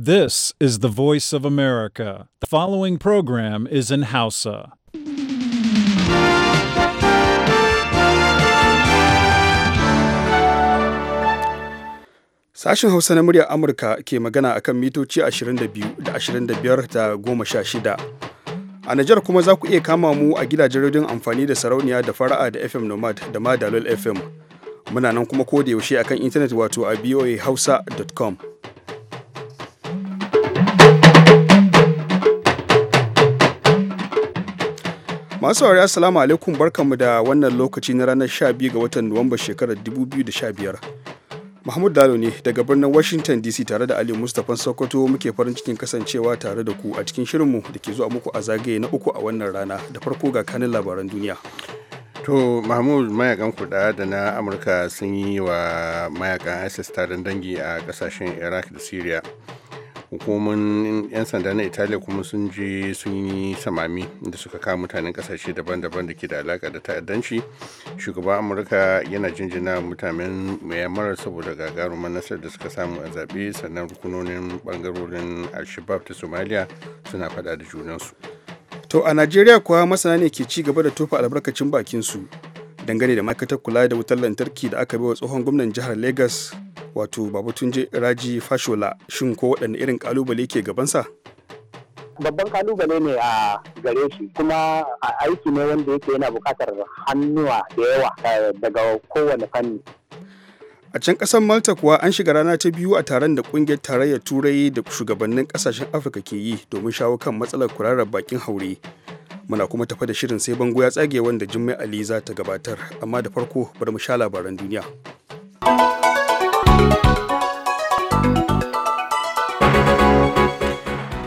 This is the voice of America. The following program is in Hausa. Sashen Hausa na muryar Amurka ke magana akan mitoci 22 da 25 da 16. A Najar kuma za ku iya kama mu a gidajen rediyon amfani da sarauniya da fara'a da FM Nomad da ma Dalol FM. Muna nan kuma koda yaushe akan intanet wato a boahausa.com. Masu saurari assalamu alaikum barkanmu da wannan lokaci na ranar 12 ga watan Nuwamba shekarar 2015. Mahmud Dalo ne daga birnin Washington DC tare da Ali Mustapha Sokoto muke farin cikin kasancewa tare da ku a cikin shirinmu da ke zuwa muku a zagaye na uku a wannan rana da farko ga kanin labaran duniya. To Mahmud mayakan kuɗa da na Amurka sun yi wa mayakan ISIS taron dangi a kasashen Iraq da Syria. hukumomin 'yan sanda na italiya kuma sun je sun yi samami da suka kawo mutanen kasashe daban-daban da ke da alaka da ta'addanci shugaban amurka yana jinjina mutanen myanmar saboda gagarumar nasarar da suka samu a zaɓe sannan rukunonin bangarorin alshabab ta somalia suna faɗa da junansu to a najeriya kuwa masana ne ke ci gaba da tofa albarkacin bakin su dangane da ma'aikatar kula da wutar lantarki da aka baiwa tsohon gwamnan jihar Legas wato Babatunje Raji Fashola shin ko waɗanne irin kalubale ke gabansa? babban kalubale ne a gare shi kuma a aiki ne wanda yake yana bukatar hannuwa da yawa eh, daga kowane fanni a can kasar malta kuwa an shiga rana ta biyu a taron da kungiyar tarayyar turai da shugabannin kasashen afirka ke yi domin shawo kan matsalar kurarar bakin haure muna kuma tafa da shirin sai bango ya tsage wanda Jummai Ali za ta gabatar amma da farko bari mu sha labaran duniya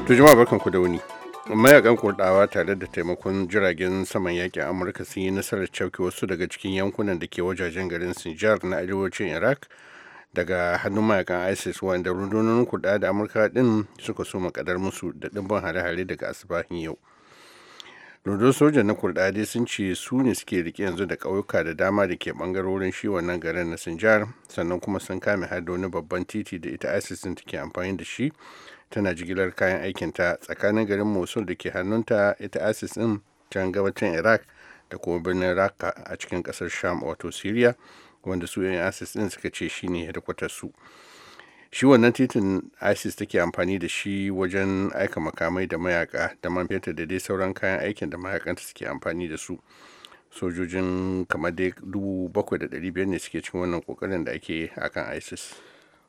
to jama'a ku da wuni mayakan kurdawa tare da taimakon jiragen saman yakin amurka sun yi nasarar cauke wasu daga cikin yankunan da ke wajajen garin sinjar na arewacin iraq daga hannun mayakan isis wanda rundunonin kuɗa da amurka din suka soma makadar musu da ɗimbin hare-hare daga asibahin yau rundunar sojan na kurdadi sun ce su ne suke rike yanzu da kauyuka da dama da ke bangarorin shi wannan garin na sinjar sannan kuma sun kame har da wani babban titi da ita isis din ke amfani da shi tana jigilar kayan aikinta tsakanin garin mosul da ke hannunta ita isis din can gabacin iraq da kuma birnin raqqa a cikin ƙasar sham wato syria wanda su 'yan isis din suka ce shi ne shine su. shi wannan titin isis take amfani da shi wajen aika makamai da mayaka da man fetur da dai sauran kayan aikin da mayakanta suke amfani da su sojojin kamar dai biyar ne suke cikin wannan kokarin da ake a kan isis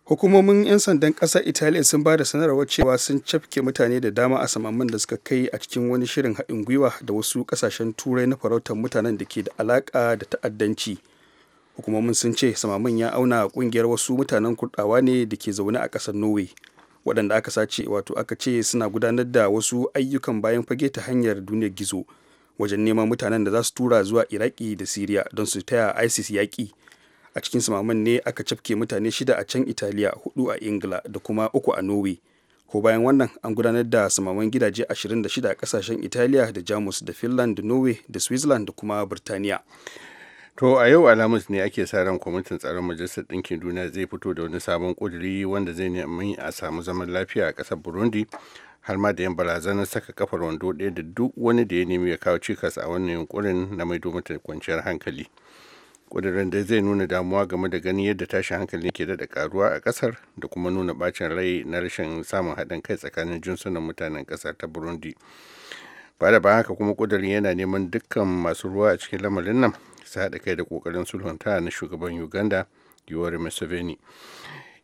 hukumomin 'yan sandan ƙasar italiya sun ba da sanarwar cewa sun cafke mutane da dama a samamman da suka kai a cikin wani shirin haɗin gwiwa da wasu kasashen turai na farautar mutanen da ke da alaƙa da ta'addanci hukumomin sun ce samamin ya auna kungiyar wasu mutanen kurdawa ne da ke zaune a ƙasar norway waɗanda aka sace wato aka ce suna gudanar da wasu ayyukan bayan fage ta hanyar duniyar gizo wajen neman mutanen da za su tura zuwa iraki da siriya don su taya isis yaƙi a cikin samamin ne aka cafke mutane shida a can italiya hudu a ingila da kuma uku a norway ko bayan wannan an gudanar da samaman gidaje 26 a kasashen italiya da jamus da finland da norway da switzerland da kuma birtaniya To a yau Alhamis ne ake sa ran kwamitin tsaron Majalisar Ɗinkin Duniya zai fito da wani sabon ƙuduri wanda zai nemi a samu zaman lafiya a ƙasar Burundi har ma da yan barazanar saka kafar wando ɗaya da duk wani da ya nemi ya kawo cikas a wannan yunkurin na mai domata kwanciyar hankali. Ƙudurin da zai nuna damuwa game da ganin yadda tashin hankali ke daɗa karuwa a ƙasar da kuma nuna ɓacin rai na rashin samun haɗin kai tsakanin jinsunan mutanen ƙasar ta Burundi. Ba da haka kuma ƙudurin yana neman dukkan masu ruwa a cikin lamarin nan su haɗa kai da ƙoƙarin sulhunta na shugaban uganda yuwar museveni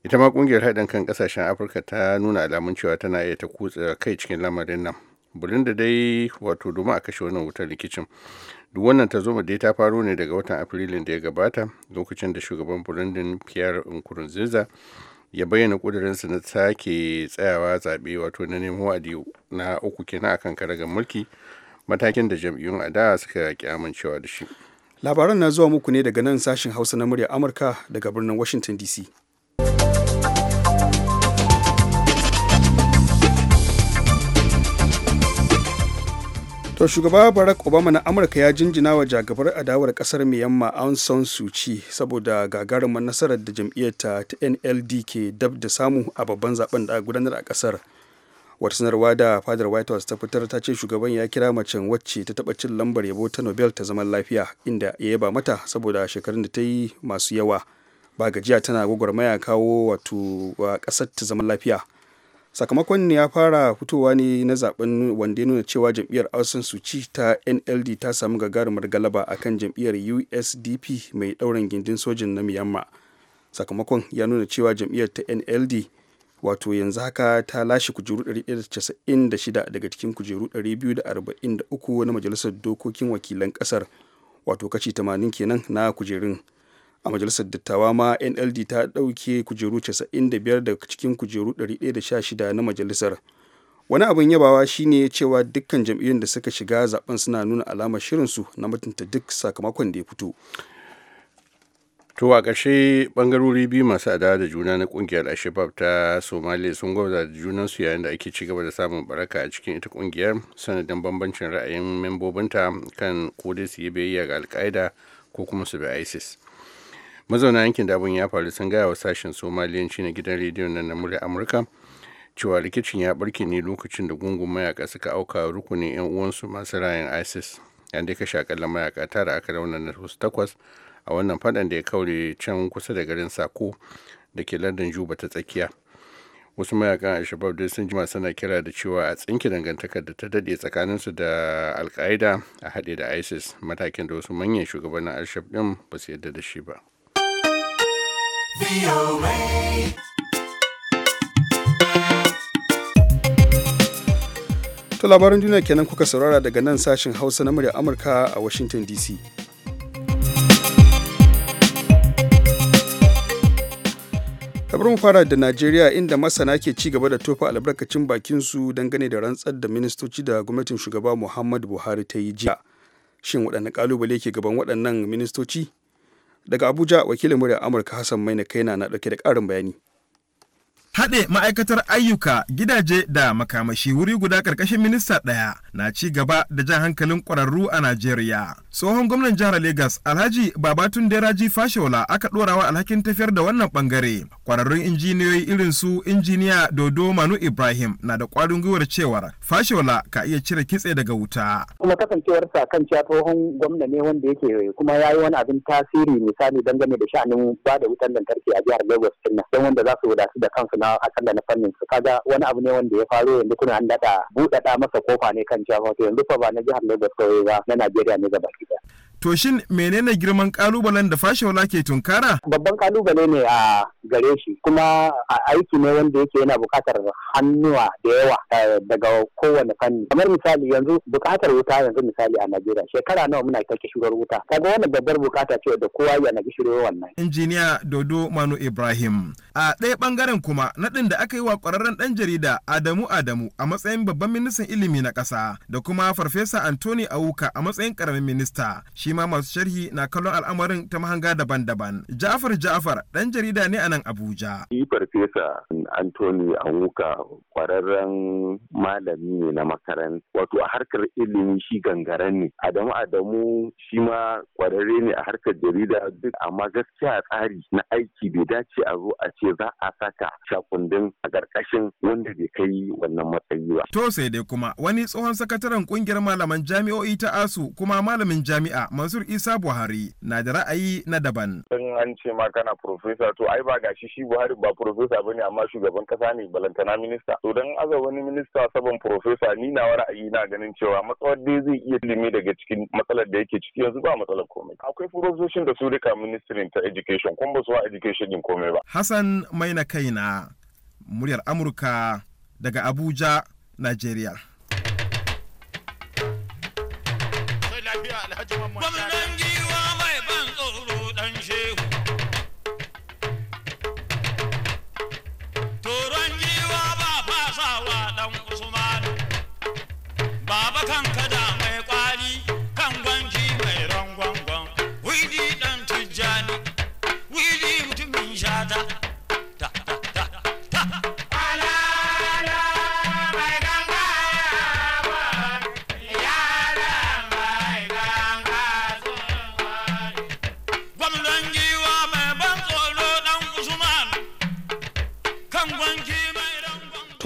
ita ma ƙungiyar haɗin kan ƙasashen afirka ta nuna alamun cewa tana iya ta kutsa kai cikin lamarin nan bulin da dai wato domin a kashe wannan wutar rikicin duk wannan ta zoma dai ta faro ne daga watan afrilun da ya gabata lokacin da shugaban burundin pierre nkurunziza ya bayyana ƙudurinsa na sake tsayawa zaɓe wato na neman wa'adi na uku kenan akan karagar mulki matakin da jam'iyyun adawa suka ƙi amincewa da shi labaran na zuwa muku ne daga nan sashen hausa na murya amurka daga birnin washington dc To shugaba Barack Obama na Amurka ya jinjina wa jagabar adawar kasar miyamma Aung San Suu Kyi saboda gagarumar nasarar da jam'iyyarta ta NLD ke dab da samu a babban zaben da gudanar a kasar. wata sanarwa da fadar white house ta fitar ta ce shugaban ya kira macen wacce ta taba cin lambar yabo ta nobel ta zaman lafiya inda ya yaba mata saboda shekarun da ta yi masu yawa ba gajiya tana gwagwarmaya kawo wato kasar ta zaman lafiya sakamakon ya fara fitowa ne na zaben wanda ya nuna cewa jam'iyyar ausan suci ta nld ta samu gagarumar galaba akan jam'iyyar usdp mai ɗaurin gindin sojin na myanmar sakamakon ya nuna cewa jam'iyyar ta nld wato yanzu haka ta lashe kujeru 196 daga cikin kujeru 243 na majalisar dokokin wakilan kasar wato kashi 80 kenan na kujerun a majalisar dattawa ma nld ta ɗauke kujeru 95 daga cikin kujeru 116 na majalisar wani abin yabawa shine cewa dukkan jam'iyyun da suka shiga zaben suna nuna alamar shirinsu na mutunta duk sakamakon da ya fito to a ƙarshe ɓangarori biyu masu adawa da juna na ƙungiyar ashebab ta somaliya sun gwabza da junansu yayin da ake cigaba da samun baraka a cikin ita ƙungiyar sanadin bambancin ra'ayin membobinta kan ko dai su yi biyayya ga alƙaida ko kuma su bi isis mazauna yankin da abin ya faru sun gaya wa sashen somaliyanci na gidan rediyon nan na murya amurka cewa rikicin ya barke ne lokacin da gungun mayaka suka auka rukunin 'yan uwansu masu rayan isis an dai kashe akalla mayaka tara aka raunana wasu takwas a wannan fadan da ya kaure can kusa da garin sako da ke lardin juba ta tsakiya wasu mayakan al-shabab dai sun jima suna kira da cewa a tsinki dangantakar da ta daɗe su da alkaida a haɗe da isis matakin da wasu manyan shugabannin al-shabab ɗin ba su yarda da shi ba ta labarin duniya kenan kuka saurara daga nan sashen hausa na murya amurka a washington dc bari mu fara da najeriya inda masana ke ci gaba da tofa albarkacin su dangane da rantsar da ministoci da gwamnatin shugaba muhammadu buhari ta yi jiya shin waɗanne kalubale ke gaban waɗannan ministoci daga abuja wakilin murya amurka hassan maina kaina na na ɗauke da ƙarin bayani haɗe ma'aikatar ayyuka gidaje da makamashi wuri guda ƙarƙashin minista ɗaya na ci gaba da jan hankalin ƙwararru a najeriya tsohon gwamnan jihar Legas alhaji babatun deraji fashola aka ɗorawa alhakin tafiyar da wannan ɓangare ƙwararrun injiniyoyi irin su injiniya dodo manu ibrahim na da ƙwarin gwiwar cewar fashola ka iya cire kitse daga wuta kuma kasancewarsa kan cewa tsohon gwamna ne wanda yake kuma ya yi wani abin tasiri misali dangane da sha'anin ba da wutan lantarki a jihar lagos don wanda za su wadatu da kansu na tattaunawa da na fannin su kaga wani abu ne wanda ya faru yanzu kuna an daɗa buɗaɗa masa kofa ne kan cewa yanzu fa ba na jihar Lagos kawai ba na Najeriya ne gaba ɗaya. To shin menene girman kalubalen da fashewala ke tunkara? Babban kalubale ne a gare shi kuma aiki ne wanda yake yana bukatar hannuwa da yawa eh, daga kowane fanni. Kamar misali yanzu bukatar wuta yanzu misali a Najeriya shekara nawa muna kake shigar wuta. Kaga wannan babbar bukata ce da kowa yana yawan wannan. Injiniya Dodo Manu Ibrahim. A ɗaya bangaren kuma naɗin da aka yi wa kwararren ɗan jarida Adamu Adamu a matsayin babban ministan ilimi na ƙasa da kuma Farfesa Anthony Awuka a matsayin ƙaramin minista. shi ma masu sharhi na kallon al'amarin ta mahanga daban-daban ja'far ja'far ɗan jarida ne a nan abuja farfesa Anthony Anwuka kwararren malami ne na makaranta wato a harkar ilimi shi gangaren ne Adamu Adamu shi ma kwararre ne a harkar jarida duk amma gaskiya tsari na aiki bai dace a zo a ce za a saka shakundin a ƙarƙashin wanda bai kai wannan matsayi ba. To sai dai kuma wani tsohon sakataren kungiyar malaman jami'o'i ta ASU kuma malamin jami'a Mansur Isa Buhari na da ra'ayi na daban. In an ce ma kana profesa to ai ba gashi shi Buhari ba profesa bane amma shugaban kasa ne balantana minista to dan aza wani minista saban profesa ni na ra'ayi na ganin cewa matsawar dai zai iya limi daga cikin matsalar da yake ciki yanzu ba matsalar komai akwai profesoshin da su rika ministrin ta education kuma ba su wa education din komai ba Hassan Maina Kaina muryar Amurka daga Abuja Nigeria Gwamnati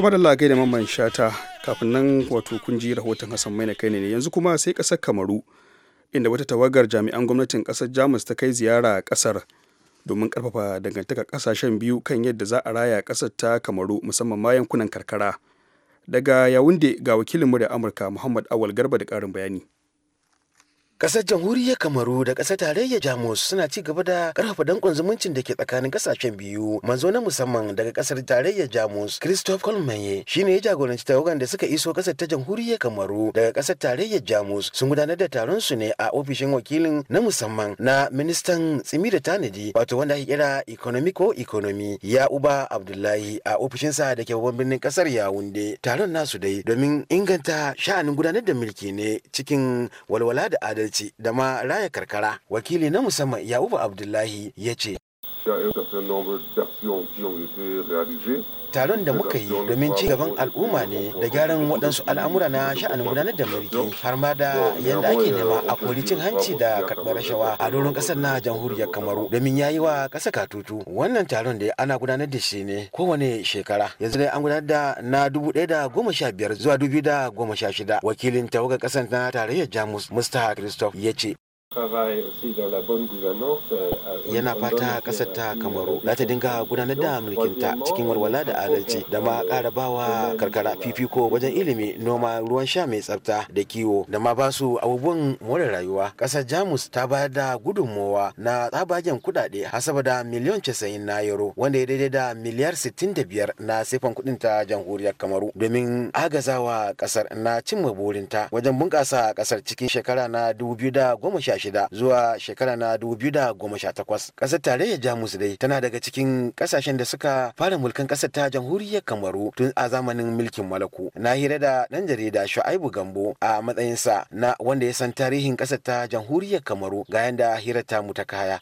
kuma da lagai da mamman shata kafin nan wato kun ji rahoton hassan mai na kai ne yanzu kuma sai kasar kamaru inda wata tawagar jami'an gwamnatin kasar jamus ta kai ziyara a kasar domin karfafa dangantaka kasashen biyu kan yadda za a raya kasar ta kamaru musamman ma yankunan karkara daga yawunde ga wakilinmu da amurka muhammad awal garba da karin bayani Ƙasar jamhuriyar Kamaru da ƙasar tarayyar Jamus suna ci gaba da ƙarfafa danƙon zumuncin da ke tsakanin ƙasashen biyu. Manzo na musamman daga ƙasar tarayyar Jamus, Christophe Colmaye, shine ya jagoranci tawagan da suka iso ƙasar ta jamhuriyar Kamaru daga ƙasar tarayyar Jamus sun gudanar da taron su ne a ofishin wakilin na musamman na ministan tsimi da tanadi wato wanda ake kira economy ko economy ya uba Abdullahi a ofishin sa da ke babban birnin ƙasar Yaounde. Taron nasu dai domin inganta sha'anin gudanar da mulki ne cikin walwala da adalci. da ma raya karkara wakili na musamman Ya'uba abdullahi ya ce taron da muka yi domin ci gaban al'umma ne da gyaran waɗansu al'amura na sha'anin gudanar da mulki har ma da yadda ake nema a kori cin hanci da karɓar rashawa a doron ƙasar na jamhuriyar kamaru domin ya yi wa ƙasa katutu wannan taron da ana gudanar da shi ne kowane shekara yanzu dai an gudanar da na dubu ɗaya da goma sha biyar zuwa dubu da goma sha shida wakilin tawagar ƙasar na tarayyar jamus mustapha christoph ya ce Euh, yana fata kasar ta kamaru za ta dinga gudanar da mulkinta cikin walwala da adalci da ma ƙara bawa karkara fifiko wajen ilimi noma ruwan sha mai tsafta da kiwo da ma ba su abubuwan more rayuwa ƙasar jamus ta ba da gudunmowa na tsabagen kuɗaɗe hasaba da miliyon casa'in na yaro. wanda ya daidai da miliyar sittin da biyar na sifan kuɗin ta jamhuriyar kamaru domin agazawa ƙasar na cimma burinta wajen bunƙasa ƙasar cikin shekara na dubu biyu da goma sha 2016 zuwa shekara na dubu biyu da goma sha takwas ƙasar tarayyar jamus dai tana daga cikin ƙasashen da suka fara mulkin ƙasar ta jamhuriyar kamaru tun a zamanin mulkin malaku na hira da ɗan jarida shu'aibu gambo a matsayinsa na wanda ya san tarihin ƙasar ta jamhuriyar kamaru ga yanda hirar ta mu ta kaya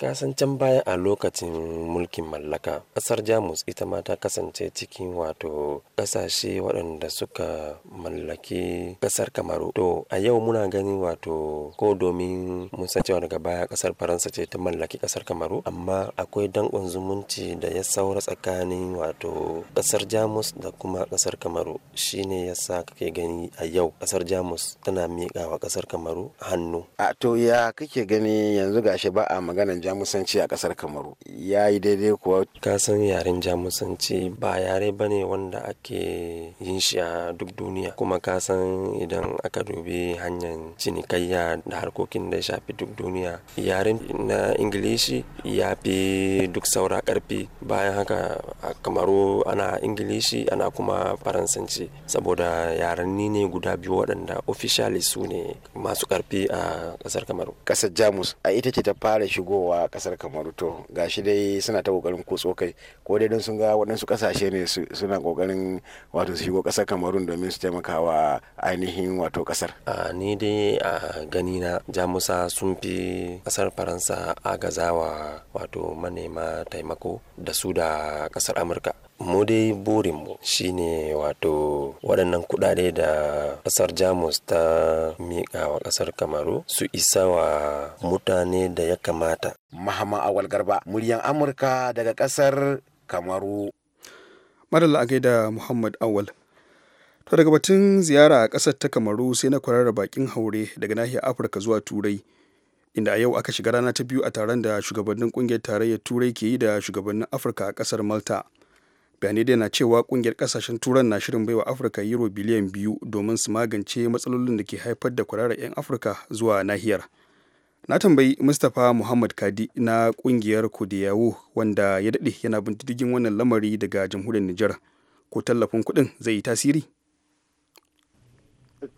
kasan can baya a lokacin mulkin mallaka ƙasar jamus ita ma ta kasance cikin wato ƙasashe waɗanda suka mallaki ƙasar kamaru to a yau muna gani wato ko domin mun san cewa daga baya ƙasar faransa ce ta mallaki ƙasar kamaru amma akwai danƙon zumunci da ya saura tsakanin wato ƙasar jamus da kuma ƙasar kamaru shine yasa kake gani a yau ƙasar jamus tana miƙa wa ƙasar kamaru hannu a to ya kake gani yanzu gashi ba a maganan jamusanci a kasar kamaru ya yi daidai kuwa ka san yaren jamusanci ba yare ba ne wanda ake yin shi a duk duniya kuma ka san idan aka dubi hanyar cinikayya da harkokin da shafi duk duniya yaren na ingilishi ya fi duk saura karfi bayan haka a kamaru ana ingilishi ana kuma faransanci saboda yarenni ne guda biyu waɗanda ofishali su ne masu karfi a kasar kamaru kasar jamus a ita ce ta fara shigowa a kasar kamaru to gashi dai suna ta kokarin kotsokai kai ko dai don sun ga waɗansu kasashe ne suna kokarin wato su shigo kasar kamarun domin su taimaka wa ainihin wato kasar a ni dai a gani na jamusa sun fi kasar faransa agazawa wato manema taimako da su da kasar amurka mu dai burinmu shine wato waɗannan kuɗaɗe da ƙasar jamus ta miƙa wa ƙasar kamaru su isa wa mutane da ya kamata mahama awal garba muryan amurka daga ƙasar kamaru madalla a gaida muhammad awal to daga batun ziyara a ƙasar ta kamaru sai na kwararra bakin haure daga nahiyar afirka zuwa turai inda a yau aka shiga rana ta biyu a taron da shugabannin kungiyar tarayyar turai ke yi da shugabannin afirka a ƙasar malta bayanai dai na cewa kungiyar kasashen turan na shirin baiwa afirka euro biliyan biyu domin su magance matsalolin da ke haifar da kwararar 'yan afirka zuwa nahiyar na tambayi mustapha muhammad kadi na kungiyar kudiyawo wanda ya daɗe yana bin wannan lamari daga jamhuriyar nijar ko tallafin kuɗin zai yi tasiri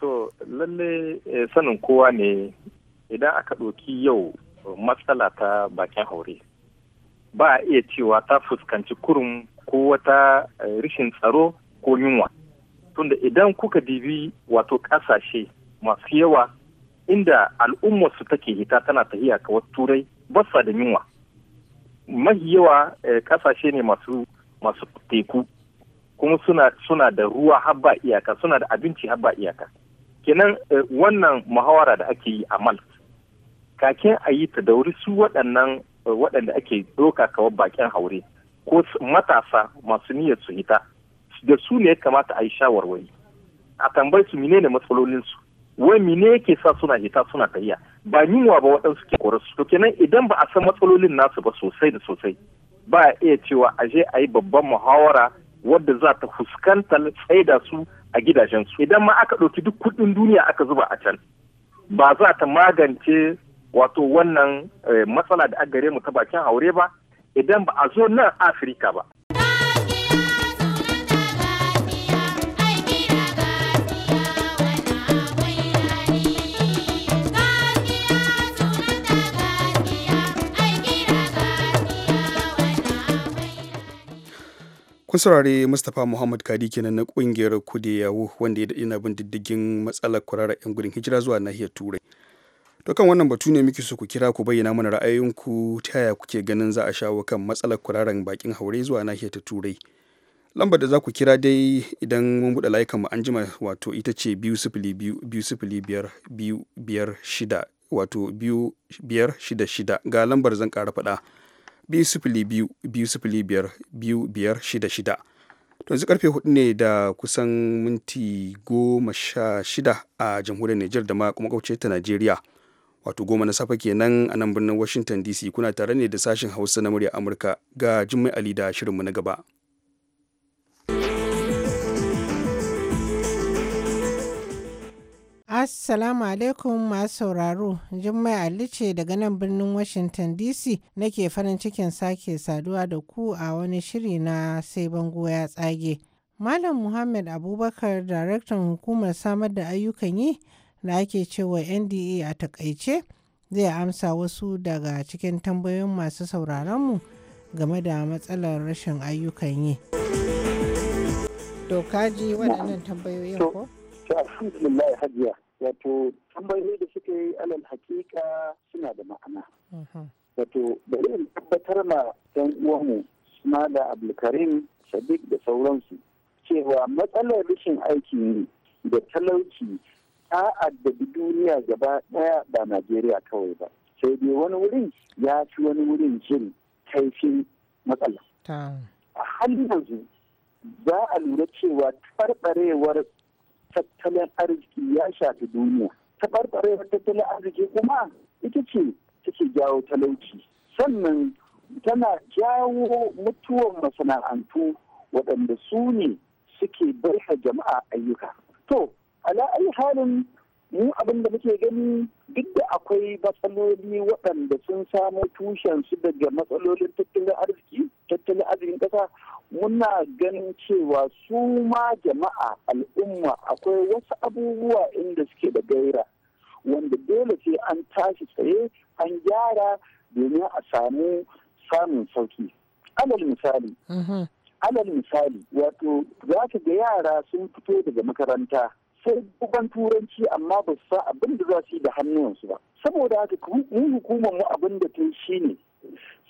to eh, sanin kowa ne idan aka ɗauki yau matsala ta bakin haure ba a iya cewa ta fuskanci kurum ko wata eh, rishin tsaro ko yunwa tunda idan kuka dibi wato kasashe masu yawa inda al'ummarsu take hita tana tahiya kawar turai basa da yunwa mahi yawa kasashe eh, ne masu teku kuma suna da ruwa habba iyaka suna da abinci habba iyaka kenan eh, wannan muhawara da ake yi a malt kakin a yi ta dauri su waɗannan waɗanda ake doka kawar baƙin haure ko matasa masu niyyar su hita da su ne kamata a yi shawarwari a tambayi su menene matsalolinsu wai mine yake sa suna hita suna tafiya ba yunwa ba waɗansu ke korarsu to kenan idan ba a san matsalolin nasu ba sosai da sosai ba a iya cewa a je a yi babban muhawara wadda za ta fuskantar tsaida su a gidajen su. idan ma aka ɗauki duk kuɗin duniya aka zuba a can ba za ta magance wato wannan eh, matsala da gare mu ta bakin aure ba idan ba a zo nan afirka ba kun saurari mustapha muhammad kadi kenan na kungiyar kude wanda ya daɗi na bin diddigin matsalar kwararra 'yan gudun hijira zuwa nahiyar turai Dukan wannan batu ne muke so ku kira ku bayyana mana ra'ayoyinku ta yaya kuke ganin za a shawo kan matsalar kuraren bakin haure zuwa nahiyar ta turai. Lambar da za ku kira dai idan mun buɗe layukan mu jima wato ita ce biyu sifili biyu sifili biyar biyu biyar shida wato biyu biyar shida shida ga lambar zan ƙara faɗa biyu sifili biyu biyu sifili biyar biyu biyar shida shida. To yanzu karfe hudu ne da kusan minti goma sha shida a jamhuriyar Nijar da ma kuma kauce ta Najeriya. wato goma na safe kenan a nan birnin washington dc kuna tare ne da sashen hausa na murya amurka ga jimmy ali da shirinmu na gaba Assalamu alaikum masu sauraro, Jummai Ali ce daga nan birnin Washington DC nake farin cikin sake saduwa da ku a wani shiri na sai bango ya tsage. Malam Muhammad Abubakar, Daraktan Hukumar Samar da Ayyukan yi da ake cewa NDA a takaice zai amsa wasu daga cikin tambayoyin masu sauraronmu game da matsalar rashin ayyukan yi. Doka ji waɗannan tambayoyin ko? Alhamdulillah hajiya wato tambayoyi da suka yi alal hakika suna da ma'ana. Mhm. Wato da yin tabbatar ma ɗan uwanmu suna da Abdulkarim Sadiq da sauransu cewa matsalar rashin aiki ne da talauci ta addabi duniya gaba daya. ba Najeriya kawai ba. Sai dai wani wurin ya fi wani wurin jin kaifin matsala. A halin yanzu za a lura cewa tabarbarewar tattalin arziki ya shafi duniya. tabarbarewar tattalin arziki kuma ita ce take jawo talauci. Sannan tana jawo mutuwar masana'antu waɗanda su ne suke baiha jama'a ayyuka. To, ala ai halin mu abin da muke gani duk da akwai matsaloli waɗanda sun samo tushensu daga matsalolin tattalin arziki tattalin arzikin ƙasa muna ganin cewa su ma jama'a al'umma akwai wasu abubuwa inda suke da gaira wanda dole sai an tashi tsaye an gyara domin a samu samun sauki alal misali mhm. alal misali wato za ka ga yara sun fito daga makaranta sai bugan turanci amma ba su sa abin da za su yi da hannuwansu ba saboda haka mun hukumar mu abin da ta shi ne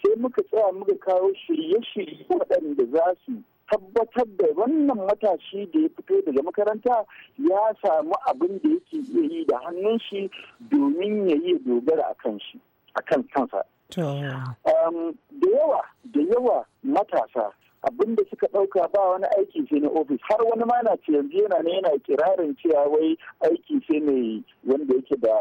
sai muka tsaya muka kawo shirye-shirye waɗanda za su tabbatar da wannan matashi da ya fito daga makaranta ya samu abin da yake iya yi da hannun shi domin ya yi dogara a kan shi a kan kansa um, da yawa da yawa matasa abin da suka ɗauka ba wani aiki sai na ofis har wani ma na ce yanzu yana ne yana kirarin cewa wai aiki sai ne wanda yake da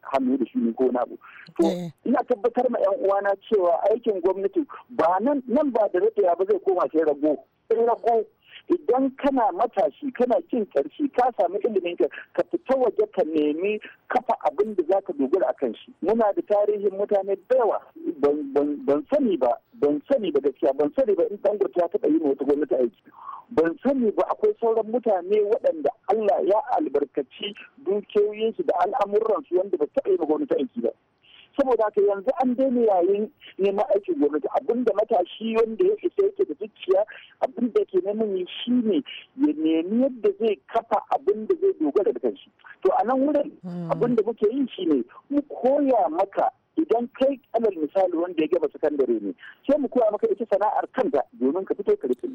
hannu da shi ko na abu. To eh. ina tabbatar ma 'yan uwana cewa aikin gwamnati ba nan ba da daɗewa ba zai koma sai rago. rago idan kana matashi kana cin karshe ka samu ilimin ka ka fita waje ka nemi kafa abin da zaka dogara akan shi muna da tarihin mutane da yawa ban sani ba ban sani ba gaskiya ban sani ba in dan ya taɓa yi ma wata gwamnati aiki ban sani ba akwai sauran mutane waɗanda Allah ya albarkaci dukiyoyinsu da al'amuran su wanda ba taɓa yi ma gwamnati aiki ba saboda haka yanzu an daina yayin neman aikin gwamnati abinda matashi wanda ya isa yake da zuciya abinda ke neman yi shi ne ya nemi yadda zai kafa abinda zai dogara da kanshi to a nan wurin hmm. abinda muke yin shi ne mu koya maka idan kai alal misali wanda ya gaba sakandare ne sai mu koya maka ita sana'ar kanta domin ka fito ka rufe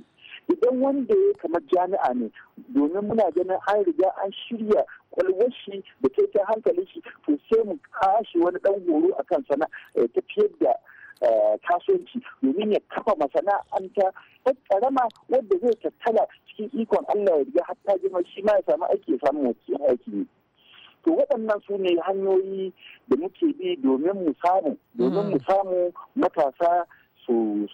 idan wanda ya kamar jami'a ne domin muna ganin an riga an shirya kwalwar shi da ta hankalin shi to sai mu kashe wani dan horo akan sana eh, tafiyar da eh, kasuwanci domin ya kafa masana'anta ta karama wadda zai tattala cikin ikon Allah ya riga hatta jima shi ma ya samu aiki ya samu wakil aiki to waɗannan su ne hanyoyi da muke bi domin mu samu domin mu mm. samu matasa su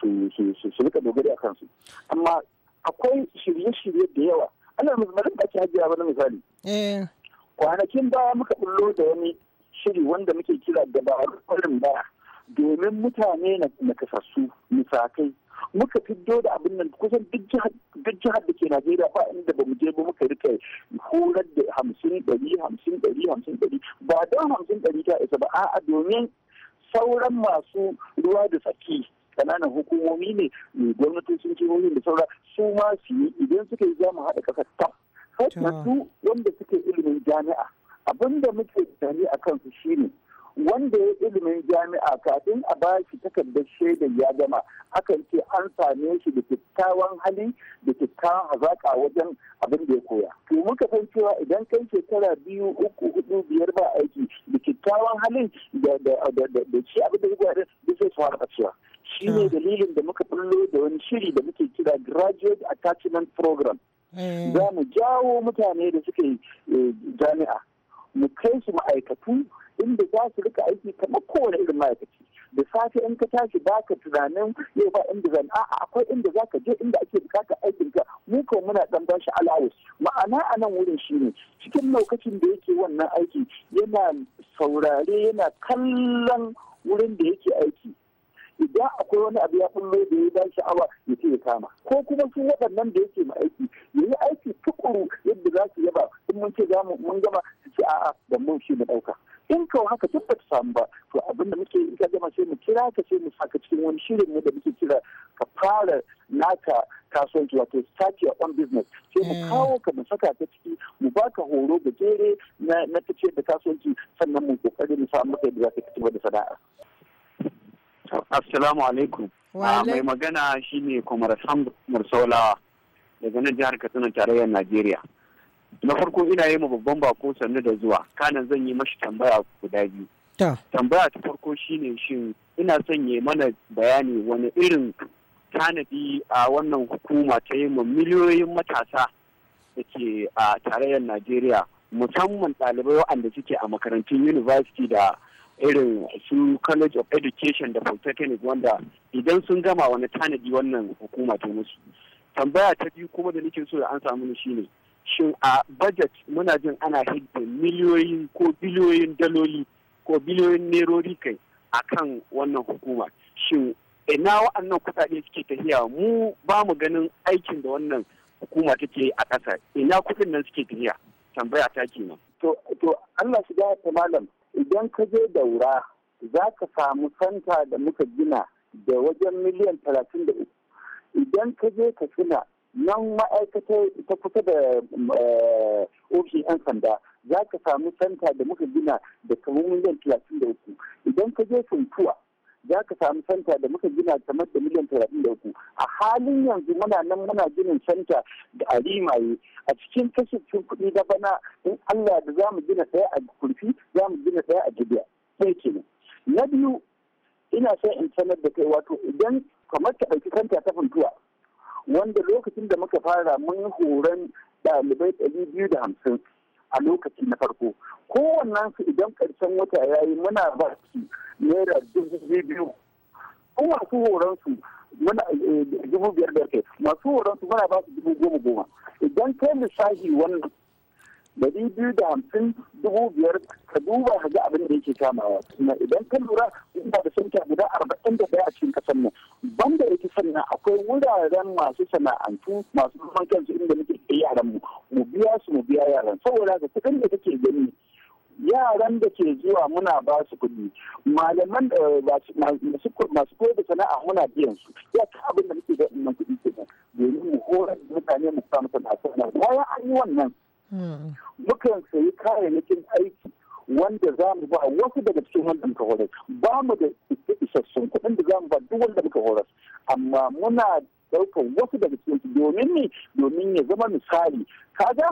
rika dogari a kansu amma akwai shirye-shirye da yawa ana musamman da ake hajjira ba misali eh. kwanakin baya muka bullo da wani shiri wanda muke kira dabarun kwarin baya domin mutane na kasassu misakai muka fiddo da abin nan kusan duk jihar da ke najeriya ba inda ba mu je ba muka rika horar da hamsin ɗari hamsin ɗari hamsin ɗari ba don hamsin ɗari ta isa ba a'a domin sauran masu ruwa da tsaki kananan hukumomi ne eh, gwamnatocin jihohin da saura su ma su yi idan suka yi za mu haɗa ƙasa tam. Hatta su wanda suke ilimin jami'a abinda muke tsari a kansu shine wanda ya ilimin jami'a kafin a ba shi takardar shaidar ya gama akan ce an same shi da kyakkyawan hali da kyakkyawan hazaƙa wajen abin da ya koya to muka san cewa idan kai shekara biyu uku hudu biyar ba aiki da kyakkyawan halin da shi abin da ya koya da zai fara ɓacewa shi ne hmm. dalilin da muka bullo da wani shiri da muke kira graduate attachment program eh. za mu jawo mutane da suke eh, jami'a mu kai su ma'aikatu inda za su rika aiki kamar kowane irin ma'aikaci da safe in ka tashi ba ka tunanin yau ba inda zan a'a akwai inda za ka je inda ake bukatar aikin ka mu ko muna dan bashi alawus ma'ana a nan wurin shine cikin lokacin da yake wannan aiki yana saurare yana kallon wurin da yake aiki idan akwai wani abu ya kullo da ya ba sha'awa ya ce ya kama ko kuma su waɗannan da yake aiki ya yi aiki tukuru yadda za su yaba in mun ce mun gama su ce a'a da mun shi mu ɗauka in kawo haka duk da samu ba to abin da muke in ka gama sai mu kira ka sai mu saka cikin wani shirin mu da muke kira ka fara naka kasuwanci wato start your own business sai mu hmm. kawo ka mu saka ka ciki mu baka horo da jere na ta da kasuwanci sannan mu kokari mu samu kai da za ka fito da sana'a assalamu alaikum ah, mai magana shine kwamar sambar saulawa daga nan jihar katsina tarayyar najeriya na farko ina yi ma babban bako sannu da zuwa kanan zan yi mashi tambaya guda biyu tambaya ta farko shine shin ina son mana bayani wani irin tanadi a wannan hukuma ta yi ma miliyoyin matasa da ke a tarayyar najeriya musamman ɗalibai waɗanda suke a makarantun university da irin su college of education da polytechnic wanda idan sun gama wani tanadi wannan hukuma ta musu tambaya ta biyu kuma da nake so da an samu shine shin a budget muna jin ana hidda miliyoyin ko biliyoyin daloli ko biliyoyin nerori kai a kan wannan hukuma shin ina wa'annan kuɗaɗe suke tafiya mu ba mu ganin aikin da wannan hukuma take a ƙasa ina kuɗin nan suke tafiya tambaya ta kenan. to to Allah shi ga ta malam idan ka je daura za ka samu santa da muka gina da wajen miliyan talatin da uku idan ka je ka suna nan ma'aikatar ta kusa da eh, ofishin 'yan sanda za ka samu santa da muka gina da kamar miliyan talatin da uku idan ka je funtuwa za ka samu santa da muka gina kamar da miliyan talatin da uku a halin yanzu muna nan muna ginin santa da arimaye a cikin kashin kuɗi da bana in allah da za mu gina ɗaya a kurfi za mu gina ɗaya a jibiya sai kenan na biyu ina son in sanar da kai wato idan kamar ka ɗauki santa ta funtuwa wanda lokacin da muka fara mun horon ɗalibai ɗari biyu da hamsin a lokaci na farko kowannen su idan ƙarshen wata ya yi muna ba su naira dubu biyu ko masu horon su muna eh, dubu biyar da kai masu horon su muna ba su dubu goma goma idan kai lissafi wannan dari biyu da hamsin dubu biyar ka duba ka ga abin da yake kamawa kuma idan ka lura ina da sanka guda arba'in da daya a cikin kasar nan banda yake sannan akwai wuraren masu sana'antu masu zaman kansu inda muke da yaran mu mu biya su mu biya yaran saboda ka kuɗin da kake gani yaran da ke zuwa muna ba su kuɗi malaman da eh, masu koyar da sana'a muna biyan su ya ka abin da muke ga kuɗi kenan domin mu horar da mutane mu samu sana'a bayan an yi wannan mukan sayi kayayyakin aiki wanda za mu ba wasu daga cikin wanda muka horar ba mu da isassun kuɗin da za mu ba duk wanda muka horar amma muna ɗaukar wasu daga cikin domin ne domin ya zama misali kaga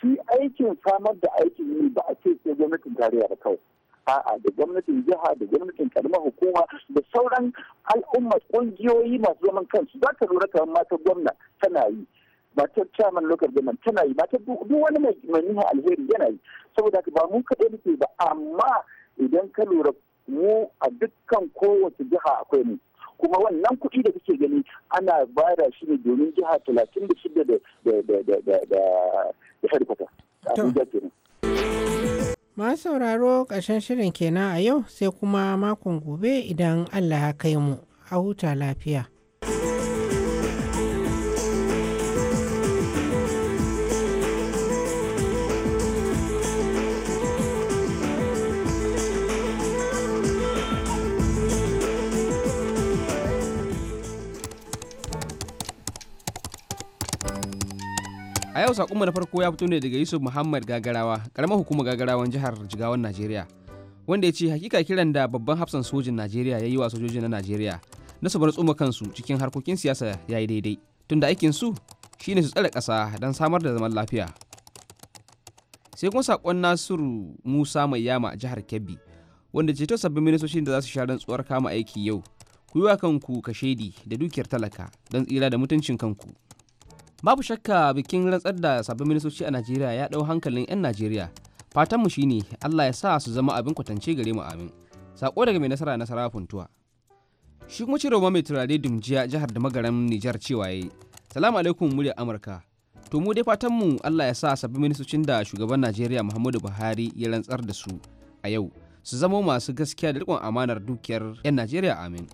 shi aikin samar da aikin yi ba a ce sai gwamnatin tarayya ba kawai a'a da gwamnatin jiha da gwamnatin karamar hukuma da sauran al'umma ƙungiyoyi masu zaman kansu za ka lura kamar mata gwamna tana yi matar caman local government tana yi matar duk wani mai nuna alheri yana yi saboda haka ba mu kaɗai muke ba amma idan ka lura mu a dukkan kowace jiha akwai mu kuma wannan kuɗi da kake gani ana bada shi ne domin jiha talatin da shida da harkata da kenan. Ma sauraro ƙarshen shirin kenan a yau sai kuma makon gobe idan Allah ya kai mu a huta lafiya. yau sakonmu na farko ya fito ne daga Yusuf Muhammad Gagarawa, karamar hukumar Gagarawan jihar Jigawan Najeriya. Wanda ya ce hakika kiran da babban hafsan sojin Najeriya ya yi wa sojojin na Najeriya na su bar tsoma kansu cikin harkokin siyasa ya yi daidai. Tunda aikin su shi ne su tsare kasa don samar da zaman lafiya. Sai kuma sakon Nasiru Musa Mai Yama jihar Kebbi wanda ceto sabbin ministocin da za su sha tsuwar kama aiki yau. Ku yi wa kanku kashedi da dukiyar talaka don tsira da mutuncin kanku. babu shakka bikin rantsar da sabbin ministoci a najeriya ya ɗau hankalin 'yan najeriya fatanmu shine allah ya sa su zama abin kwatance gare mu amin sako daga mai nasara nasara funtuwa shi kuma ciroma mai turare dumjiya jihar da magaran nijar cewa yayi salamu alaikum murya amurka to mu dai fatanmu allah ya sa sabbin ministocin da shugaban najeriya muhammadu buhari ya rantsar da su a yau su zama masu gaskiya da riƙon amanar dukiyar 'yan najeriya amin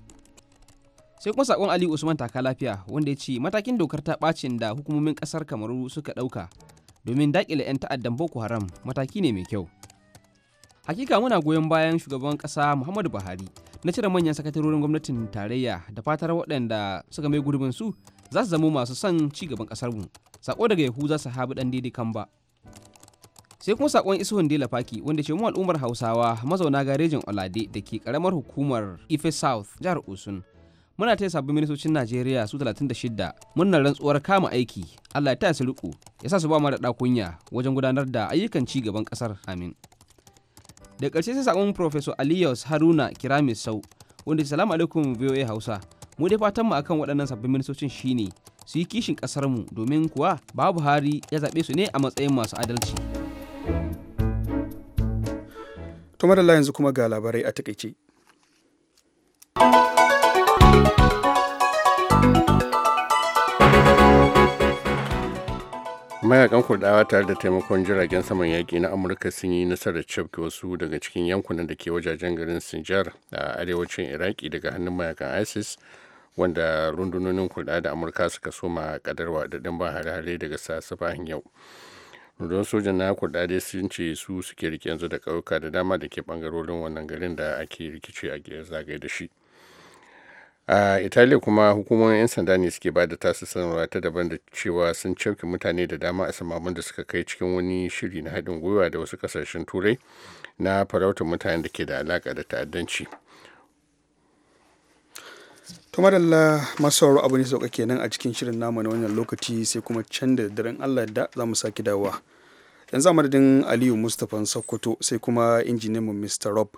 sai kuma sakon ali usman taka lafiya wanda ya ce matakin dokar ta bacin da hukumomin kasar kamaru suka dauka domin dakile 'yan ta'addan boko haram mataki ne mai kyau hakika muna goyon bayan shugaban kasa muhammadu buhari na cire manyan sakatarorin gwamnatin tarayya da fatar waɗanda suka mai gurbin su za su zama masu son ci gaban kasar mu sako daga su sahabi dan daidai ba. sai kuma sakon isuhun dela faki wanda ce mu al'ummar hausawa mazauna garejin olade da ke karamar hukumar ife south jihar osun muna taya sabbin ministocin najeriya su 36 muna rantsuwar kama aiki allah ya taya su riko ya sa su ba mara kunya wajen gudanar da ayyukan ci gaban kasar amin da ƙarshe sai sakon professor aliyus haruna kirami sau wanda salamu alaikum voa hausa mu dai fatanmu akan waɗannan sabbin ministocin shine su yi kishin mu domin kuwa babu hari ya zaɓe su ne a matsayin masu adalci to madalla yanzu kuma ga labarai a takaice mayakan kurdawa tare da taimakon jiragen saman yaƙi na amurka sun yi nasarar cafke wasu daga cikin yankunan da ke wajajen garin sinjar a arewacin iraki daga hannun mayakan isis wanda rundunonin kurda da amurka suka soma kadarwa da ba hare-hare daga sassafahin yau rundun sojan na kurda dai sun ce su suke rike yanzu da ƙauyuka da dama da ke bangarorin wannan garin da ake rikici a zagaye da shi a italiya kuma hukumomin 'yan sanda ne suke bada tasu sanarwa ta daban da cewa sun cauke mutane da dama a samamun da suka kai cikin wani shiri na haɗin gwiwa da wasu kasashen turai na farautar mutane da ke da alaƙa da ta'addanci to madalla masu abu ne sauka kenan a cikin shirin namu na wannan lokaci sai kuma can da daren allah da za mu sake dawowa yanzu a madadin aliyu mustapha sokoto sai kuma mu mr rob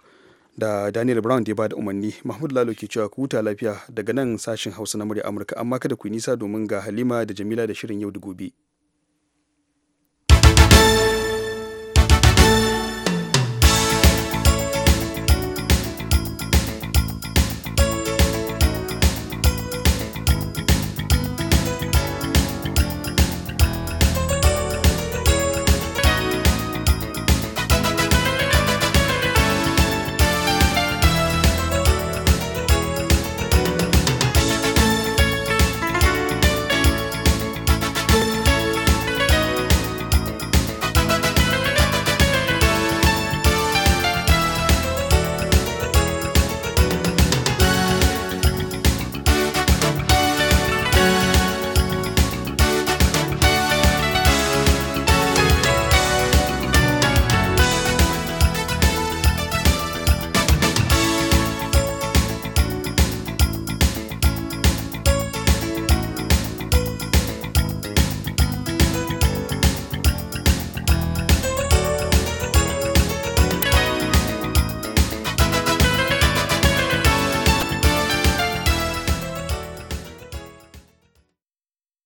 da daniel brown da ya bada umarni mahmud lalo ke cewa ku huta lafiya daga nan sashin hausa na murya amurka amma kada ku yi nisa domin ga halima da jamila da shirin yau da gobe